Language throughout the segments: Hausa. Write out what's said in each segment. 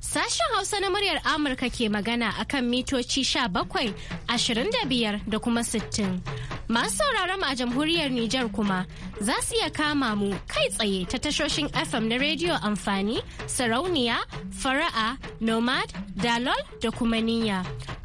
Sashen Hausa na muryar Amurka ke magana a kan mitoci sha bakwai ashirin da biyar da kuma sittin Masu sauraron a jamhuriyar Nijar kuma za su iya kama mu kai tsaye ta tashoshin FM na rediyo amfani, sarauniya, fara'a, nomad, dalol da kuma niyya.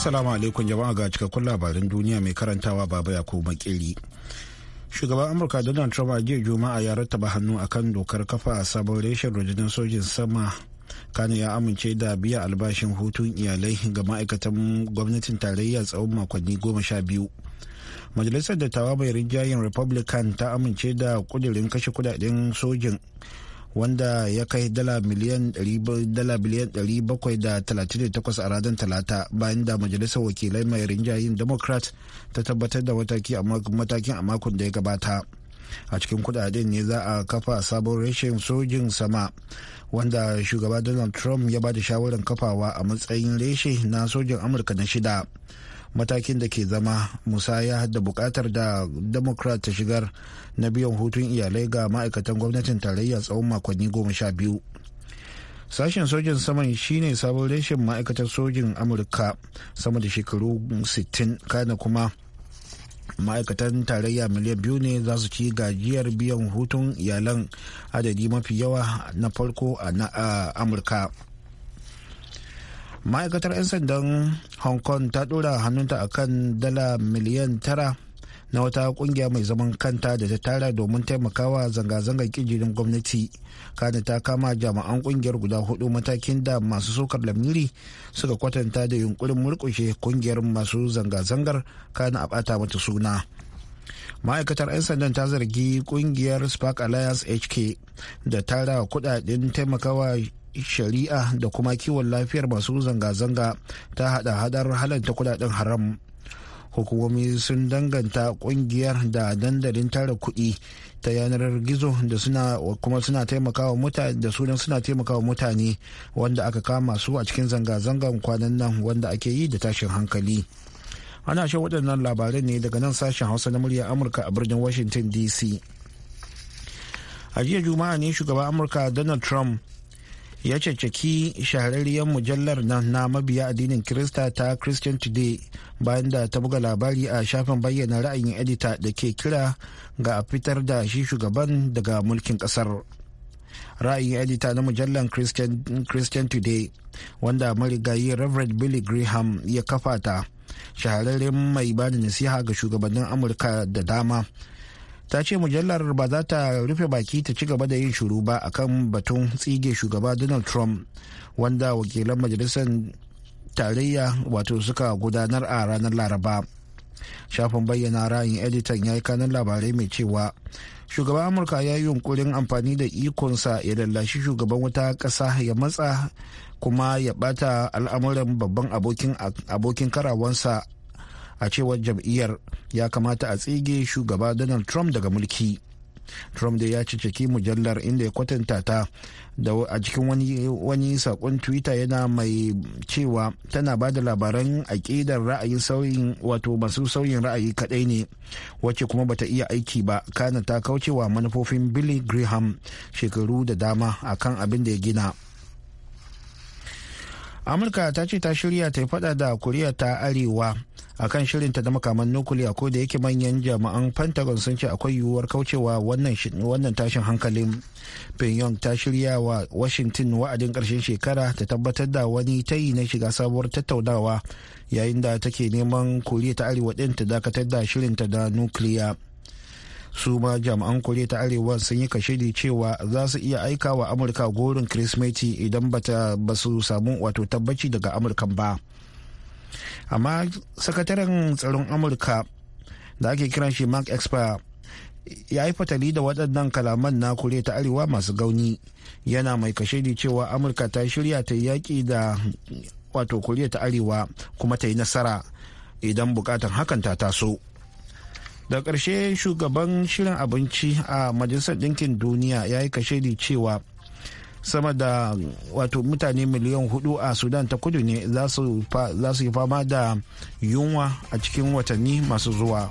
Assalamu alaikum jama'a ga cikakkun labarin duniya mai karantawa baba ya ko makili. Shugaban Amurka Donald Trump a jiya Juma'a ya rattaba hannu akan dokar kafa sabon reshen rundunar sojin sama Kano ya amince da biya albashin hutun iyalai ga ma'aikatan gwamnatin tarayya tsawon makonni goma sha biyu. Majalisar dattawa mai rinjayen Republican ta amince da kudirin kashe kudaden sojin wanda ya kai dala miliyan 738 a ranar talata bayan da majalisar wakilai mai rinjayen democrat ta tabbatar da matakin a makon da ya gabata a cikin kudaden ne za a kafa sabon reshen sojin sama wanda shugaba donald trump ya ba da shawarar kafawa a matsayin reshe na sojin amurka na shida matakin da ke zama musaya da bukatar da democrat ta shigar na biyan hutun iyalai ga ma'aikatan gwamnatin tarayya tsawon makonni goma sha biyu sashen sojin saman shine sabon reshen ma'aikatar sojin amurka sama da shekaru 60 kana kuma ma'aikatan tarayya miliyan biyu ne za su ci gajiyar biyan hutun iyalan adadi mafi yawa na farko a amurka ma'aikatar 'yan sandan hong kong ta dora hannunta akan dala miliyan tara na wata kungiya mai zaman kanta da ta tara domin taimakawa zanga-zangar kijirin gwamnati kana ta kama jami'an kungiyar guda hudu matakin da masu sokar lamiri suka kwatanta da yunkurin murkushe kungiyar masu zanga-zangar kana a bata mata suna ma'aikatar 'yan sandan ta zargi kungiyar spark alliance hk da tara kudaden taimakawa shari'a da kuma kiwon lafiyar masu zanga-zanga ta hada hadar halanta kudaden haram hukumomi sun danganta kungiyar da dandalin tara kudi ta yanar gizo da suna kuma suna taimakawa mutane da sunan suna taimakawa mutane wanda aka kama su a cikin zanga-zangan kwanan nan wanda ake yi da tashin hankali ana shan waɗannan labarai ne daga nan sashen hausa na muryar amurka a birnin washington dc a jiya juma'a ne shugaban amurka donald trump ya caccaki shahararriyar mujallar nan na mabiya addinin Kirista ta Christian Today bayan da ta buga labari a shafin bayyana ra'ayin edita da ke kira ga a fitar da shi shugaban daga mulkin kasar. Ra'ayin edita na mujallar Christian, Christian Today wanda marigayi Reverend Billy Graham ya kafa ta shahararren mai bada nasiha ga shugabannin Amurka da dama. ta ce mujallar ba za ta rufe baki ta ci gaba da yin shuru ba akan batun tsige shugaba donald trump wanda wakilan majalisar tarayya wato suka gudanar a ranar laraba shafin bayyana ra'ayin editan ya yi kanan labarai mai cewa shugaban amurka ya yi yunkurin amfani da ikonsa ya lallashi shugaban wata ƙasa ya matsa kuma ya bata al'amuran babban abokin karawansa a cewar jam'iyyar ya kamata a tsige shugaba donald trump daga mulki trump dai ya ciceki mujallar inda ya kwatanta ta da a cikin wani, wani sakon twitter yana mai cewa tana ba da labaran aƙidar ra'ayin sauyin wato masu sauyin ra'ayi kadai ne wacce kuma bata iya aiki ba kana ta kaucewa manufofin billy graham shekaru da dama akan abin da ya gina amurka ta ce ta shirya ta yi fada da koriya ta arewa a akan shirinta da makaman nukuliya ko da yake manyan jami'an pentagon sun ce akwai yiwuwar kaucewa wannan tashin hankalin pyongyang ta shirya wa washington wa'adin karshen shekara ta tabbatar da wani tayi na shiga sabuwar tattaunawa yayin da take neman koriya ta arewa din ta dakatar da shirinta da nukiliya. su ma jami'an koriya ta arewa sun yi kashedi cewa za su iya aika wa amurka gorin kirismeti idan ba su samu wato tabbaci daga amurkan ba amma sakataren tsaron amurka da ake kiran shi mark expire ya yi fatali da waɗannan kalaman na kure ta arewa masu gauni yana mai kashedi cewa amurka ta shirya ta yi yaƙi da wato koriya ta arewa kuma ta yi nasara idan bukatan hakan ta taso. da ƙarshe shugaban shirin abinci a majalisar ɗinkin duniya ya yi kashedi cewa sama da wato mutane miliyan hudu a sudan ta kudu ne za su yi fama da yunwa a cikin watanni masu zuwa.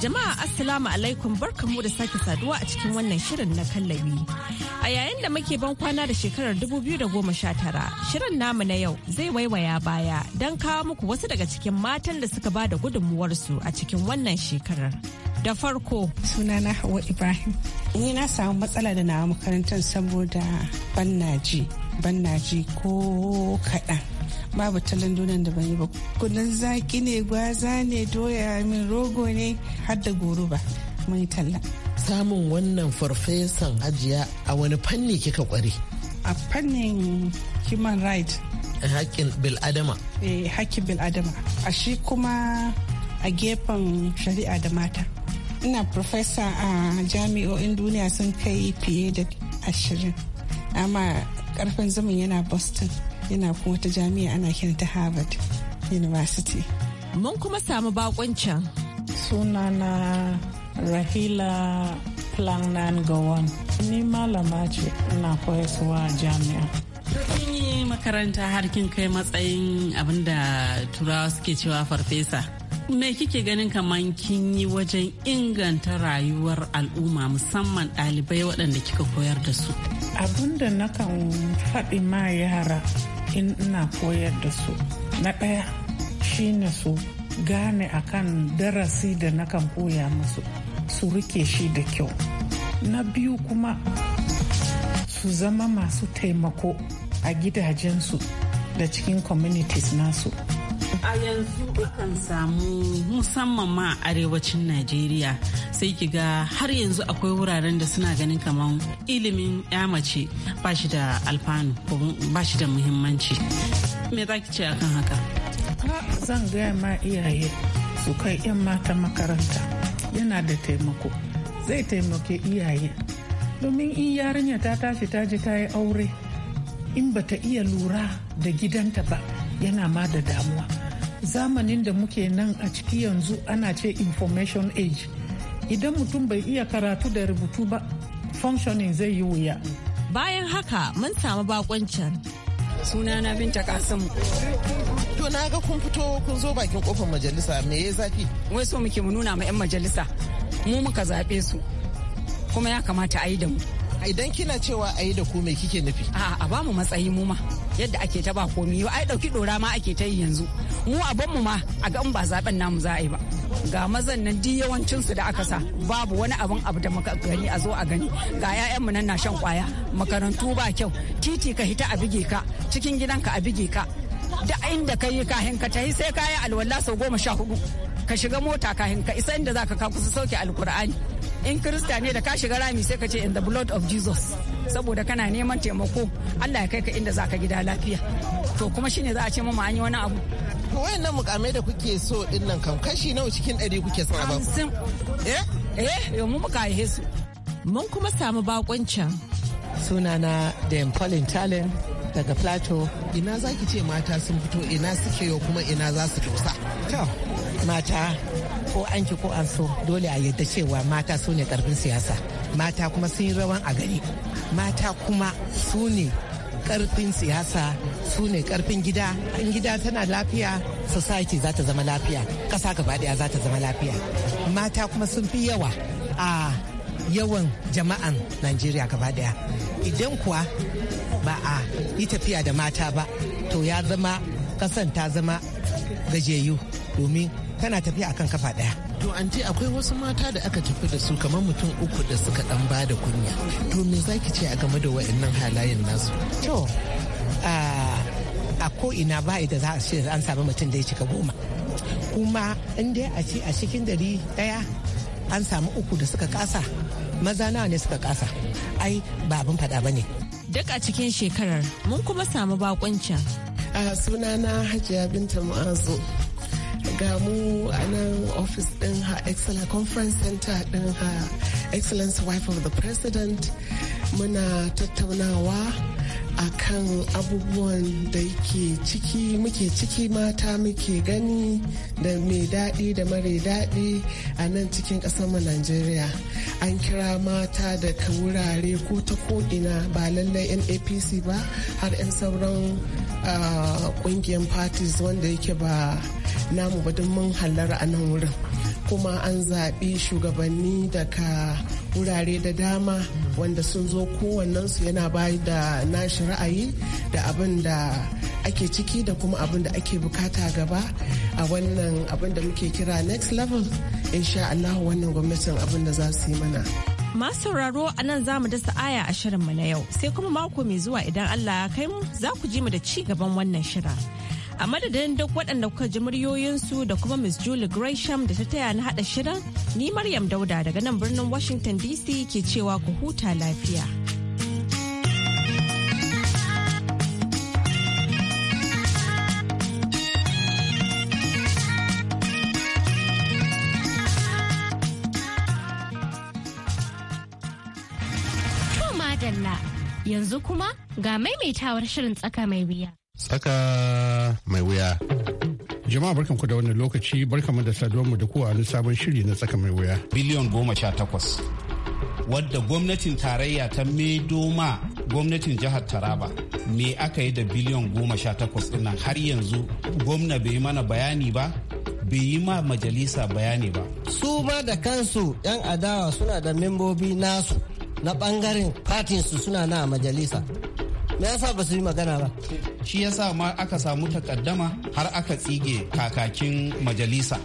Jama'a Assalamu alaikum barkamu da sake saduwa a cikin wannan shirin na kallabi. A yayin da muke ban kwana da shekarar 2019, shirin namu na yau zai waiwaya baya don kawo muku wasu daga cikin matan da suka ba da gudunmuwarsu a cikin wannan shekarar. Da farko. Sunana Hawa Ibrahim. Ni na samu matsala da na makarantar saboda ban naji, ban naji ko kaɗan. babu talan donan da ban yi ba kunun zaki ne gwaza ne doya min rogo ne har da goro ba mun talla samun wannan farfesan hajiya a wani fanni kika kware a fannin human right hakkin bil'adama eh hakkin bil'adama a shi kuma a gefen shari'a da mata ina profesa a jami'o'in duniya sun kai fiye da ashirin amma karfin zaman yana boston yana kuma wata jami'a ana ta harvard university mun kuma samu bakoncin sunana rahila plangnan gowon ni malama ce ina koyarwa jami'a kin yi makaranta har kin kai matsayin abinda turawa suke cewa farfesa me kike ganin kaman kin yi wajen inganta rayuwar al'umma musamman ɗalibai waɗanda kika koyar da su abinda nakan faɗi ma yara in ina koyar da su na ɗaya shine su gane akan darasi da nakan koya musu su rike shi da kyau na biyu kuma su zama masu taimako a gidajensu da cikin communities nasu a yanzu kan samu musamman ma a arewacin najeriya sai ki ga har yanzu akwai wuraren da suna ganin kamar ilimin ya mace ba shi da alfanu ba shi da muhimmanci me za ki ce akan haka zan gaya ma iyaye su kai 'yan mata makaranta yana da taimako zai taimake iyaye domin in yarinya ta tashi ta ji ta yi aure in bata iya lura da gidanta ba yana ma da damuwa zamanin da muke nan a ciki yanzu ana ce information age idan mutum bai iya karatu da rubutu ba functioning zai yi wuya bayan haka mun samu bakoncin na binta kasimu to na ga kun fito kun zo bakin kofar majalisa me ya zafi wai so muke mu nuna ma 'yan majalisa mu muka zaɓe su kuma ya kamata a yi da mu idan kina cewa a yi da ku me kike nufi a ba mu matsayi mu ma yadda ake ta ba komi ai dauki dora ma ake ta yi yanzu mu aban mu ma a ga in ba zaben namu za a yi ba ga mazan nan duk yawancin su da aka sa babu wani abin abu da muka gani a zo a gani ga 'ya'yan mu nan na shan kwaya makarantu ba kyau titi ka hita a bige ka cikin gidanka a bige ka da inda ka yi kahin ka tahi sai ka yi alwala sau goma sha hudu ka shiga mota kahin ka isa inda za ka kusa sauke alkur'ani in krista ne da ka shiga rami sai ka ce in the blood of jesus saboda kana neman taimako allah ya kai ka inda za ka gida lafiya to kuma shine za a ce mama an yi wani abu nan mukamai da kuke so din nan kam kashi nawa cikin ɗari kuke sa ba eh eh yau mu muka yi su mun kuma samu bakoncin sunana da Pauline Talent daga plateau ina za ki ce mata sun fito ina suke yau kuma ina za su dosa mata ko an ki ko an so dole a yadda cewa mata su ne karfin siyasa mata kuma sun yi rawan a gari mata kuma su ne karfin siyasa su ne karfin gida in gida tana lafiya society za ta zama lafiya ƙasa gaba daya za ta zama lafiya mata kuma sun fi yawa a yawan jama'an najeriya gaba daya idan kuwa ba a yi tafiya da mata ba to ya zama kasan ta zama gajeyu domin tana tafiya akan kafa daya to anti akwai wasu mata da aka tafi da su kamar mutum uku da suka dan ba da kunya to me zaki ce a game da wa'annan halayen nasu to a ko ina ba da za a ce an samu mutum da ya cika goma kuma in dai a ce a cikin dari daya an samu uku da suka kasa maza nawa ne suka kasa ai ba abin fada ba ne duk a cikin shekarar mun kuma samu can. A sunana Hajiya Binta Mu'azu. Ga mu a nan ofis ɗin ha Excellence Conference Center ɗin ha Excellence Wife of the President muna tattaunawa akan abubuwan da ke ciki muke ciki mata muke gani da mai daɗi da mare daɗi a nan cikin mu Najeriya. An kira mata daga wurare ko ta ko'ina ba lallai NAPC ba har 'yan sauran ƙungiyar parties wanda yake ba namu ba don mun hallara a nan wurin. kuma an zaɓi shugabanni daga wurare da dama wanda sun zo kowannensu yana ba da nashi ra'ayi da abin da ake ciki da kuma abin da ake bukata gaba a wannan abin da muke kira next level insha Allah wannan gwamnatin abin da za su yi mana. Masu sauraro a nan za mu dasa aya a shirinmu na yau sai kuma mako mai zuwa idan Allah ya kai mu za ku ji mu da ci gaban wannan shirin. a madadin duk waɗanda kuka ji muryoyinsu da kuma Miss Julie Gresham da ta taya na haɗa shirin, ni Maryam Dauda daga nan birnin Washington DC ke cewa ku huta lafiya. yanzu kuma ga maimaitawar shirin tsaka mai wuya. tsaka mai wuya. Jama'a barkanku da wannan lokaci barkanmu da saduwarmu da kowa wani sabon shiri na tsaka mai wuya. Biliyon goma sha takwas. Wadda gwamnatin tarayya ta medoma gwamnatin jihar Taraba. Me aka yi da biliyon goma sha takwas har yanzu gwamna bai yi mana bayani ba? bai yi ma majalisa bayani ba. Su ma da kansu 'yan adawa suna da membobi nasu na bangaren su suna na majalisa. me yasa ba su yi magana ba shi yasa ma aka samu takaddama har aka tsige kakakin majalisa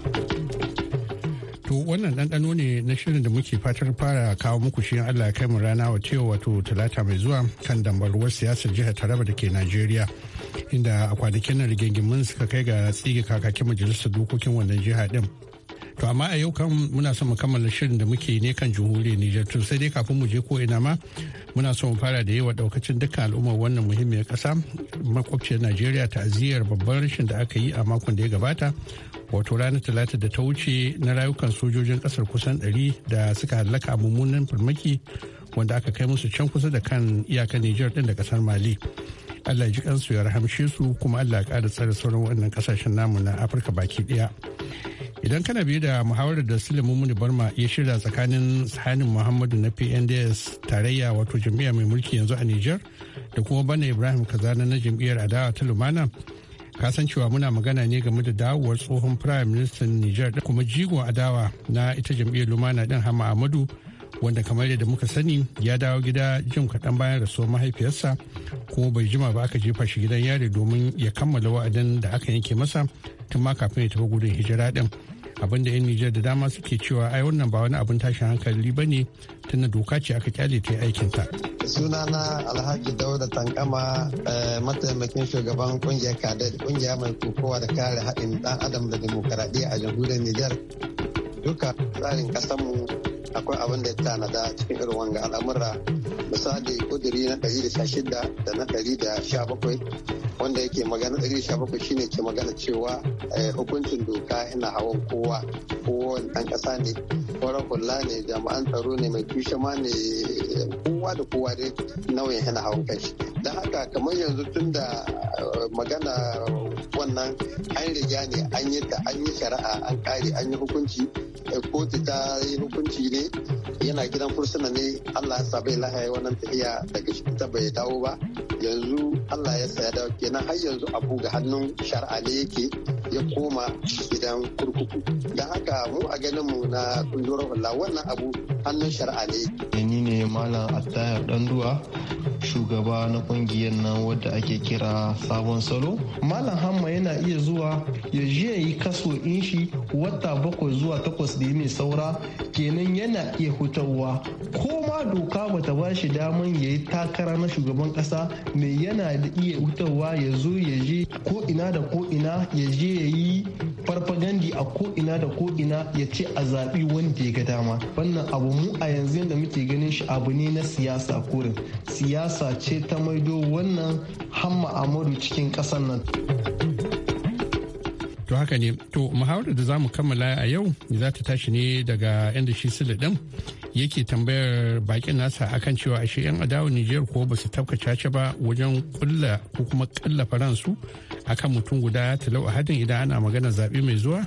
to wannan ɗanɗano ne na shirin da muke fatar fara kawo muku shi Allah ya kai mu rana wa cewa wato talata mai zuwa kan dambarwar siyasar jihar Taraba da ke Najeriya inda a kwanakin nan rigingimin suka kai ga tsige kakakin majalisar dokokin wannan jiha din to amma a yau kan muna son mu kammala shirin da muke ne kan jamhuriyar Nijar to sai dai kafin mu je ko ina ma muna son mu fara da yawa daukacin dukkan al'ummar wannan muhimmiyar kasa makwabciyar Najeriya ta'aziyar babban rashin da aka yi a makon da ya gabata wato ranar talata da ta wuce na rayukan sojojin kasar kusan 100 da suka halaka a mummunan farmaki wanda aka kai musu can kusa da kan iyakar Nijar din da kasar Mali. Allah ji kansu ya rahamshe su kuma Allah ya ƙara tsare sauran waɗannan kasashen namu na Afirka baki ɗaya. idan kana biyu da muhawarar da sulemu muni barma ya shirya tsakanin sahanin muhammadu na pnds tarayya wato jami'a mai mulki yanzu a niger da kuma bana ibrahim kazana na jam'iyyar adawa ta lumana cewa muna magana ne game da dawowar tsohon prime minister niger da kuma jigon adawa na ita jam'iyyar lumana din hama amadu wanda kamar yadda muka sani ya dawo gida jim kaɗan bayan rasuwar mahaifiyarsa kuma bai jima ba aka jefa shi gidan yare domin ya kammala wa'adin da aka yanke masa tun ma kafin ya tafi gudun hijira ɗin abinda yan nijar da dama suke cewa ai wannan ba wani abin tashin hankali ba ne tana doka ce aka kyale ta aikin aikinta na alhaji dauda tankama eh, mataimakin shugaban kungiyar kadad kungiya mai kokowa da kare haɗin dan adam da demokaradiyya a jamhuriyar nijar duka tsarin kasanmu akwai abin da ya tanada cikin irin wanga al'amura misali kuduri na ɗari da shida da na ɗari da sha bakwai wanda yake magana ɗari da sha shi shine ke magana cewa eh, hukuncin doka yana hawan kowa kowane ɗan ƙasa ne kwarar hula ne jami'an tsaro ne mai tushe ma ne kowa da kowa dai nauyin yana hau kai don haka kamar yanzu tun da eh, magana wannan an riga ne an yi ta an yi shari'a an kare an yi hukunci eh, kotu ta yi hukunci ne yana gidan fursuna ne allah ya sa bai lahaya wannan tafiya daga shi ta bai dawo ba yanzu allah ya saya da dawo kenan har yanzu abu ga hannun shari'a ne yake ya koma gidan kurkuku don haka mu a ganin mu na kundin wannan abu hannun shari'a ne shine malam attayar danduwa shugaba na kungiyar nan wadda ake kira sabon salo malam hamma yana iya zuwa ya je yi kaso in shi wata bakwai zuwa takwas da mai saura kenan yana iya hutawa ko ma doka bata ba shi daman ya yi takara na shugaban kasa mai yana da iya hutawa ya zo ya je ko ina da ko ina ya je ya yi farfagandi a ko'ina da ko'ina ya ce a zaɓi wanda ya ga dama wannan abu mu a yanzu yadda muke ganin shi abu ne na siyasa kurin siyasa ce ta maido wannan hamma amadu cikin ƙasar nan to haka ne to muhawar da za mu kammala a yau za ta tashi ne daga inda shi sila din yake tambayar bakin nasa akan cewa ashe yan adawa nijiyar ko ba su tafka cace ba wajen kulla ko kuma kalla faransu akan mutum guda talau hadin idan ana magana zaɓe mai zuwa?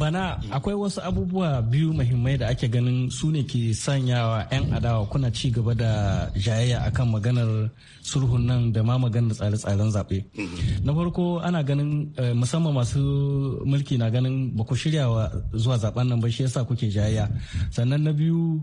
Bana akwai wasu abubuwa biyu muhimmai da ake ganin su ne ke sanyawa 'yan adawa kuna ci gaba da jayayya akan maganar sulhun nan da ma maganar tsare-tsaren zaɓe. Mhm. Na farko ana ganin eh, musamman masu mulki na ganin ba ku shirya zuwa zaɓen nan ba shi yasa kuke jayayya. Sannan na biyu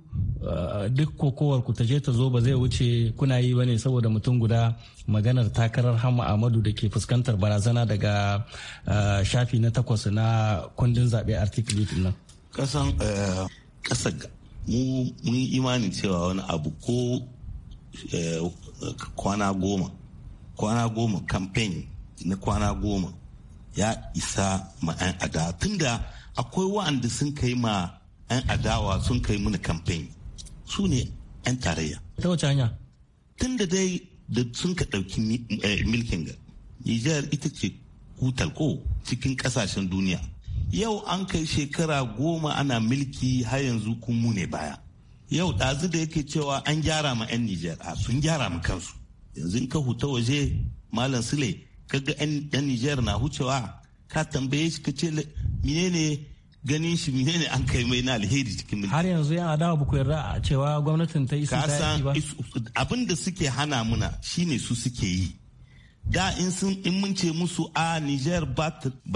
Eh, duk kokowar ku taje ta zo ba zai wuce kuna yi bane saboda mutum guda maganar takarar hama amadu da ke fuskantar barazana daga eh, shafi na takwas na kundin zaɓe article nan kasan eh, mu mun imanin cewa wani abu ko kwana goma kwana goma campaign na kwana goma ya isa ma 'yan adawa tunda akwai wa'anda sun kai ma 'yan adawa sun kai mini campaign su ne 'yan tarayya. Ta wace hanya? Tun da dai da sun ka ɗauki eh, milkin ga Nijar ita ce kutal ko cikin ƙasashen duniya. Yau an kai shekara goma ana milki har yanzu kun mu baya. Yau ɗazu da yake cewa an gyara ma 'yan Nijar a sun gyara ma kansu. Yanzu in ka huta waje Malam Sule kaga 'yan Nijar na hucewa ka tambaye shi ka ce menene ganin shi menene an kai mai na alheri cikin mulki har yanzu yana dawa ba ku yarda cewa gwamnatin ta isu ta ba abin da suke hana muna shine su suke yi da in sun in mun ce musu a Niger ba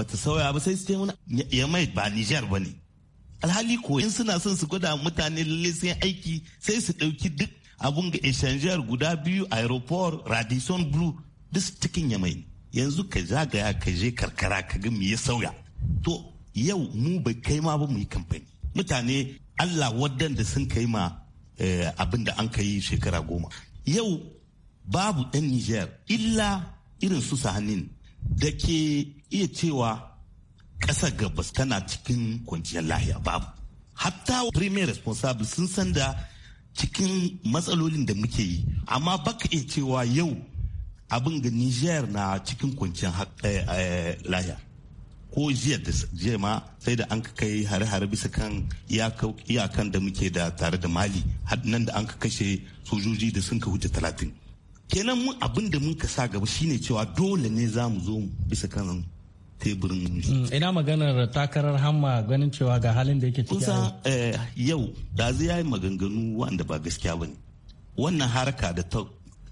ta sauya ba sai su ce muna ya mai ba Niger ba ne alhali ko in suna son su gwada mutane lalle sai aiki sai su dauki duk abun ga exchanger guda biyu aeroport radisson blue duk cikin yamai yanzu ka zagaya ka je karkara ka ga me ya sauya to yau mu bai kai ma ba mu yi kamfani mutane allah waɗanda sun kai ma eh, abin da an kai shekara goma yau babu ɗan niger illa irin su sahanin da ke iya cewa ƙasar gabas tana cikin kwanciyar lahiya babu hatta premier responsible sun san da cikin matsalolin da muke yi amma baka iya cewa yau abin ga niger na cikin kwanciyar eh, eh, lahiya ko jiya da jiya ma sai da an kai hare-hare bisa kan iyakan da muke da tare da mali nan da an ka kashe sojoji da sun ka huce talatin kenan mun abin da mun ka sa gaba shine cewa dole ne za mu zo bisa kan teburin mm, ina maganar takarar hamma ganin cewa ga halin da yake ciki kusa eh, yau da zai yi maganganu wanda ba gaskiya ba bane wannan harka da ta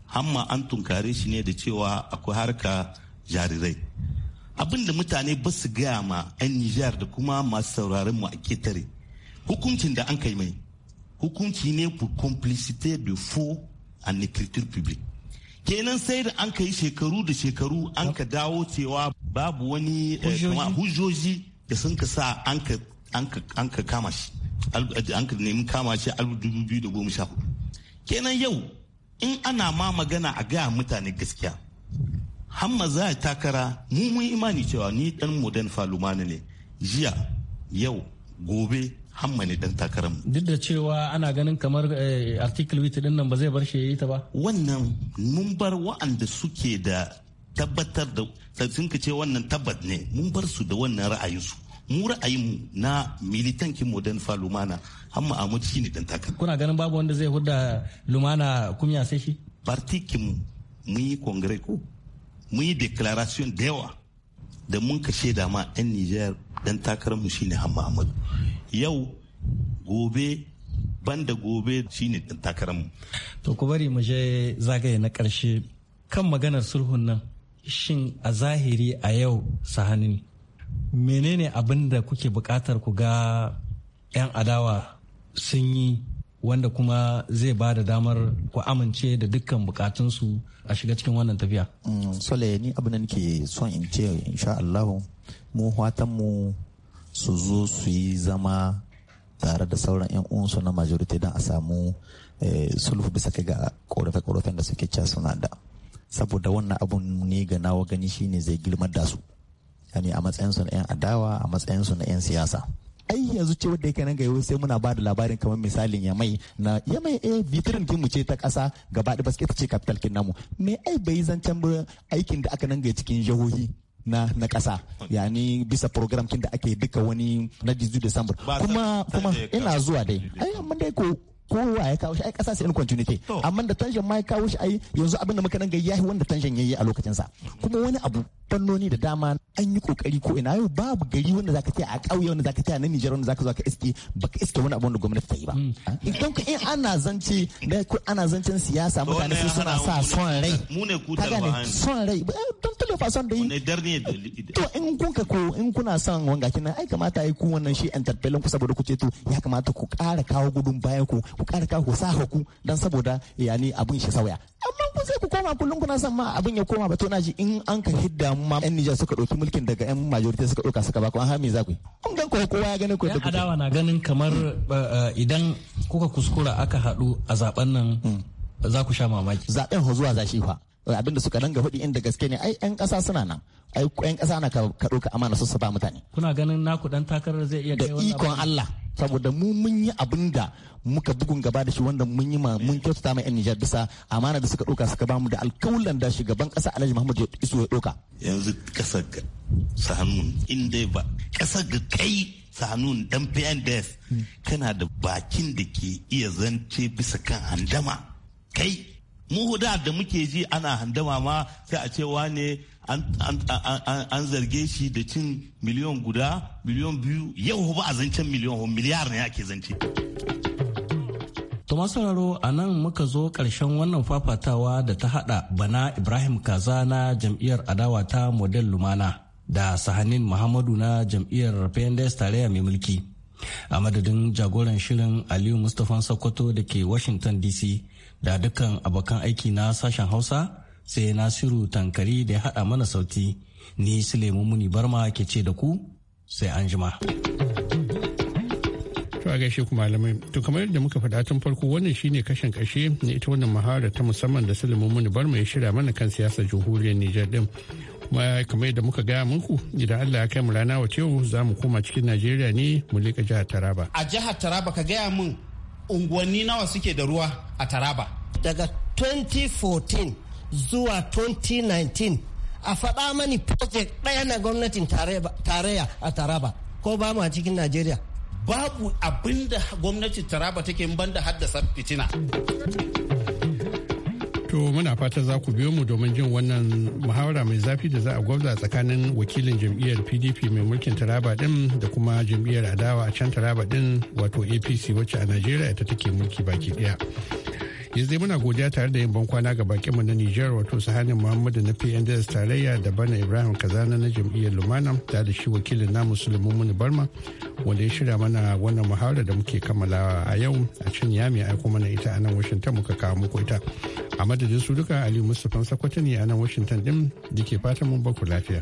hamma an tunkare shi ne da cewa akwai harka jarirai abin da mutane ba su gaya ma 'yan nijar da kuma masu sauraron mu a ketare hukuncin da an kai mai hukunci ne pour complicité de faux en écriture publique kenan sai da an kai shekaru da shekaru an ka dawo cewa babu wani eh, hujjoji da sun ka sa an ka kama shi an ka nemi kama shi hudu kenan yau in ana ma magana a gaya mutane gaskiya hamma za a takara mu mun imani cewa ni dan modern falumani ne jiya yau gobe hamma ne dan takaran mu duk da cewa ana ganin kamar eh, article wit din nan ba zai bar shi yayi ta ba wannan mun bar wa'anda suke da tabbatar da sun ce wannan tabbat ne mun bar su da wannan ra'ayinsu mu ra'ayin mu na militankin modern fa lumana hamma a mu ne dan takara. kuna ganin babu wanda zai hudda lumana kumya sai shi partikin mu yi kongre ko mun yi declaration da yawa da mun kashe dama ma 'yan Nijar dan takararmu shine Hamma Ahmadu. Yau gobe banda gobe shine dan takararmu. To ku bari mu je zagaye na ƙarshe kan maganar sulhun nan shin a zahiri a yau sahani menene abin da kuke buƙatar ku ga 'yan adawa sun yi wanda kuma zai ba da damar ku amince da dukkan bukatunsu a shiga cikin wannan tafiya. Mm, Sole ni abin da nake son in ce insha Allah mu mu su zo su yi zama tare da sauran 'yan uwansu na majority don a samu eh, sulhu bisa kai ga korafe-korafen da suke cewa suna da saboda wannan abun ne ga nawa gani shine zai girmar da su yani a matsayinsu na 'yan adawa a matsayinsu na 'yan siyasa ai yanzu ce wadda yake nan ga yau sai muna ba da labarin kamar misalin yamai na yamai eh vitrin din mu ce ta kasa gaba da basket ce capital kin namu me ai bai zancen aikin da aka nan ga cikin jahohi na na kasa yani bisa program kin da ake duka wani na 18 December kuma kuma ina zuwa dai ai amma dai ko kowa ya kawo shi ai kasa sai continuity amma da tension mai kawo shi ai yanzu abin da muka dan yahi wanda tension yayi a lokacin sa kuma wani abu fannoni da dama an yi kokari ko ina yau babu gari wanda zaka ce a kauye wanda zaka ce na Nijar wanda zaka zo ka iske baka iske wani abu da gwamnati ta yi ba idan hmm. ka in ana zance da ana zancen siyasa mutane su suna sa son rai ne ka gane son rai eh, don fa son da to in kun ka ko in kuna son wanga kina ai kamata ai ku wannan shi entertainment ku saboda ku ce to ya kamata ku ƙara kawo gudun bayan ku ku ƙara kawo sa ku dan saboda yani abin shi sauya amma ku sai ku koma kullum kuna son ma abin ya koma ba to na ji in an ka hidda ma yan Nijar suka ɗauki mulkin daga yan majority suka ɗauka suka ba ku an hami za ku yi kun gan ku kowa ya gani ku da adawa na ganin kamar eh, idan kuka kuskura aka haɗu a zaben nan hmm. za ku sha mamaki zaben ho zuwa zashi fa abin da suka danga faɗi inda gaske ne ai yan ƙasa suna nan ai yan ƙasa na ka ɗauka amana su su ba mutane kuna ganin naku dan takarar zai iya kai wannan ikon Allah saboda mu mun yi abin da muka bugun gaba da shi wanda mun yi mun kyautata mai yan Nijar bisa amana da suka ɗauka suka ba mu da alƙawlan da shugaban ƙasa Alhaji Muhammad Isu ya ɗauka yanzu ƙasar ga sahanun inda ba ƙasar ga kai sanun dan pnds hmm. kana da bakin da ke iya zance bisa kan handama kai mu da da muke ji ana handama ma sai a cewa ne an zarge shi da cin miliyon guda miliyon biyu yau ba a zancen miliyon miliyar ne ake zance Thomas Sauraro a nan muka zo ƙarshen wannan fafatawa da ta haɗa bana Ibrahim Kaza na jam'iyyar adawa ta Model Lumana da Sahanin Muhammadu na jam'iyyar PNDS tarayya mai mulki. A madadin jagoran shirin Aliyu Mustapha Sokoto da ke Washington DC da dukkan abokan aiki na sashen hausa sai nasiru tankari da ya haɗa mana sauti ni silemu muni barma ke ce da ku sai an jima to a gaishe ku malamai to kamar yadda muka faɗa tun farko wannan shine kashin kashe na ita wannan mahara ta musamman da silimin muni barma ya shirya mana kan siyasar jamhuriyar nijar din kuma kamar yadda muka gaya muku idan Allah ya kai mu rana wa yau za mu koma cikin Najeriya ne mu leƙa jihar Taraba. A jihar Taraba ka gaya mun unguwanni nawa suke da ruwa a taraba daga 2014 zuwa 2019 a faɗa mani project ɗaya na gwamnatin tarayya a taraba ko ba mu a cikin najeriya babu abinda gwamnatin taraba take ban da haddasa fitina To muna fata za ku biyo mu domin jin wannan muhawara mai zafi da za a gwabza tsakanin wakilin jam'iyyar PDP mai mulkin Taraba din da kuma jam'iyyar adawa a can Taraba din wato APC wacce a Najeriya ita take mulki baki daya. yanzu muna godiya tare da yin bankwana ga mu na Nijar wato sahanin Muhammadu na PNDS tarayya da bana Ibrahim Kazana na jam'iyyar Lumana da da shi wakilin na musulmi muni Barma wanda ya shirya mana wannan muhawara da muke kammalawa a yau a cin yami aiko mana ita a nan Washington muka kawo muku ita. A madadin su duka Aliyu Mustapha sakwatani ne a nan Washington din da ke fatan mun baku lafiya.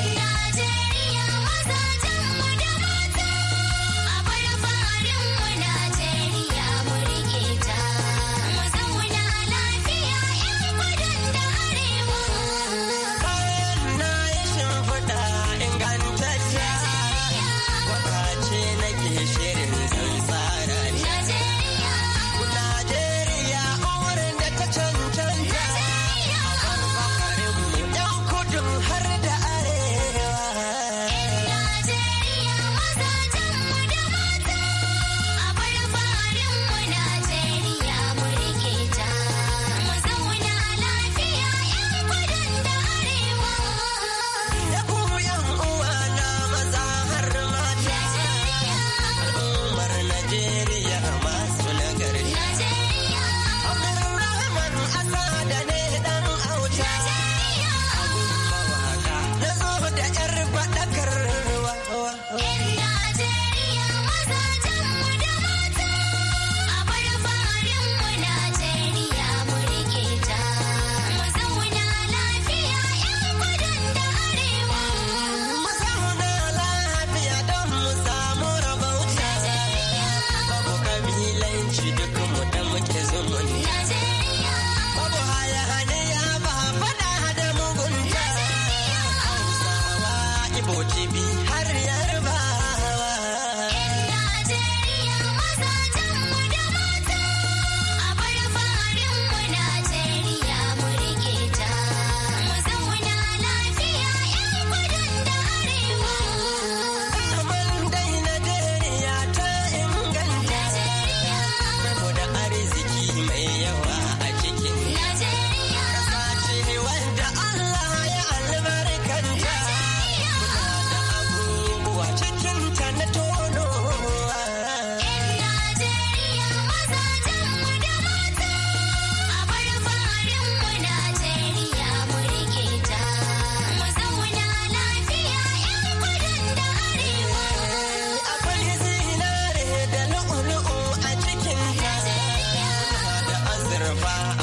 zamani.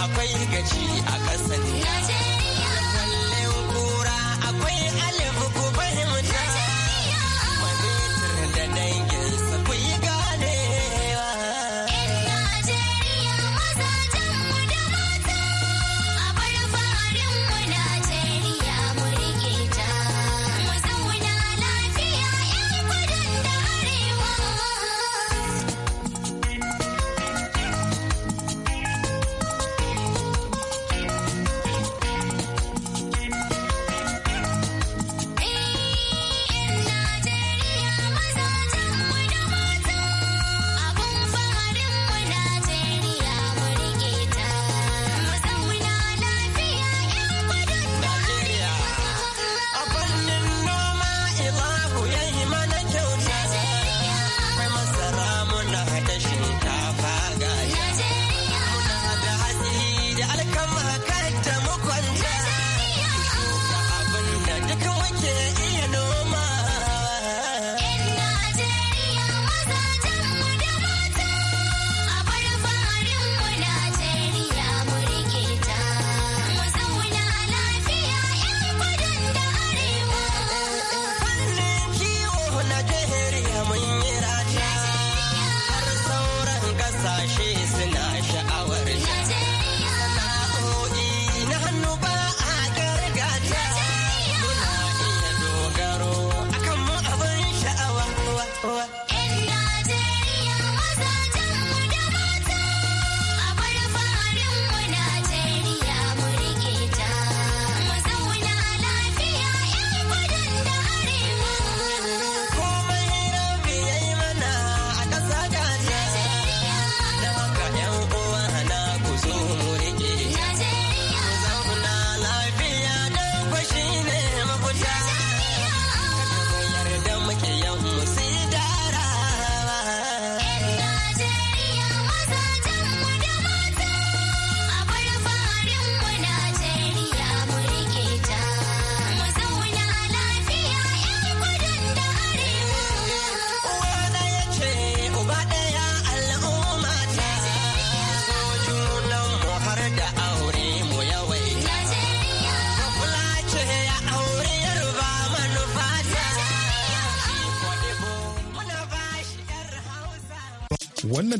akwai gaci a kasa ne.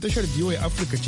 tashar VOA Africa